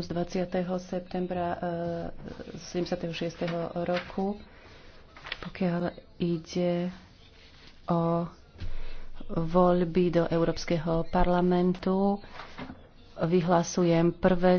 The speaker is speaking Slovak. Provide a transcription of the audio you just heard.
z 20. septembra 76. E, roku, pokiaľ ide o voľby do Európskeho parlamentu. Vyhlasujem prvé